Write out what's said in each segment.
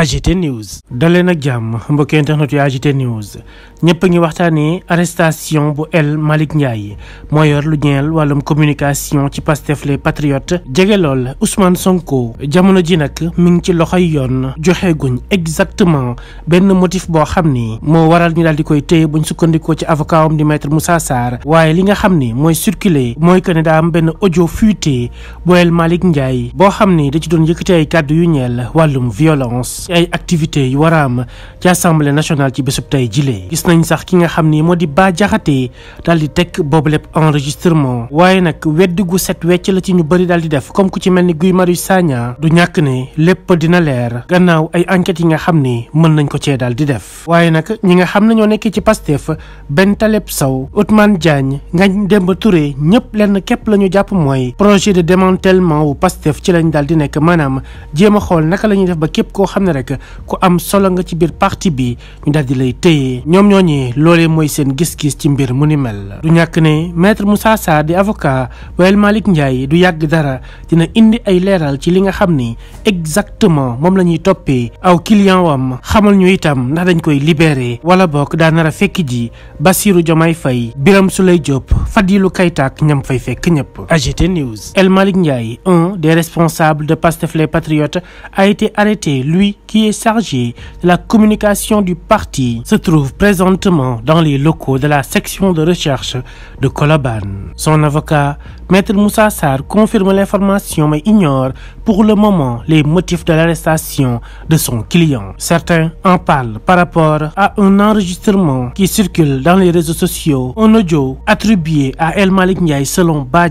AGT News dalee nag jàmm mbokki internet yu AGT News ñëpp a ngi waxtaanee arrestation bu El Malick Ndiaye moo yor lu ñeel wàllum communication ci Pastef les Patriotes jege lool Ousmane Sonko jamono ji nag mi ngi ci loxoy yoon joxe guñ exactement benn motif boo xam ni moo waral ñu daal di koy téye buñ sukkandikoo ci avocat am di maître Moussa waaye li nga xam ni mooy circulé mooy que ne daa am benn ojo fuité bu El Malick Ndiaye boo xam ni da ci doon yëkkati ay kàddu yu ñeel wàllum violence ci ay activités yu war a am ci assemblée nationale ci bésub tey jilee gis nañ sax ki nga xam ni moo di Bah Diakhaté daal di teg boobu lépp enregistrement waaye nag wedd gu set wecc la ci ñu bari daal di def comme ku ci mel ni Guy Marius Sagna du ñàkk ne lépp dina leer gannaaw ay enquêtes yi nga xam ni mën nañ ko cee daal di def waaye nag ñi nga xam ne ñoo nekkee ci Pastef Ben Taleb Sow Ousmane Diagne Ngagne Demba Touré ñëpp lenn képp la ñu jàpp mooy projet de démantèlement wu Pastef ci lañ daal di nekk maanaam ne rek ku am solo ci biir parti bi ñu daal di lay téye ñoom ñooñi loolee mooy seen gis-gis ci mbir mu ni mel. du ñàkk ne maître Moussa Sarr di avocat Wael Malick Ndiaye du yàgg dara dina indi ay leeral ci li nga xam ni exactement moom la ñuy toppee aw client wam xamal ñu itam ndax dañ koy libéré wala bokk daa nar a fekk ji Bassirou Diomaye fay biram Souleye Diop Fadilou Keita ak ñam fay fekk ñëpp. AGT News El Malick un des responsables de Pastef les a été arrêté qui est chargé de la communication du parti, se trouve présentement dans les locaux de la section de recherche de Colobane. Son avocat, Maître Moussa Sarr, confirme l'information mais ignore pour le moment les motifs de l'arrestation de son client. Certains en parlent par rapport à un enregistrement qui circule dans les réseaux sociaux, un audio attribué à El Malick Ndiaye selon Bah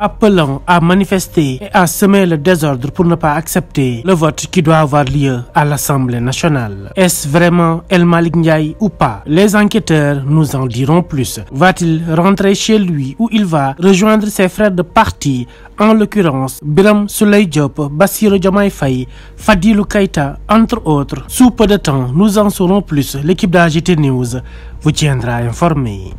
appelant à manifester et à semer le désordre pour ne pas accepter le vote qui doit à l'Assemblée nationale. Est-ce vraiment El Malick ou pas? Les enquêteurs nous en diront plus. Va-t-il rentrer chez lui ou il va rejoindre ses frères de parti? En l'occurrence Birame Souleye Diop, Bassirou Diomaye Faye, Fadilou Keïta entre autres. Sous peu de temps, nous en saurons plus. L'équipe d'AGT News vous tiendra informé.